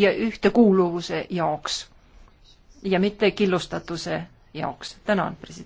ja ühtekuuluvuse jaoks ja mitte killustatuse jaoks. tänan, president.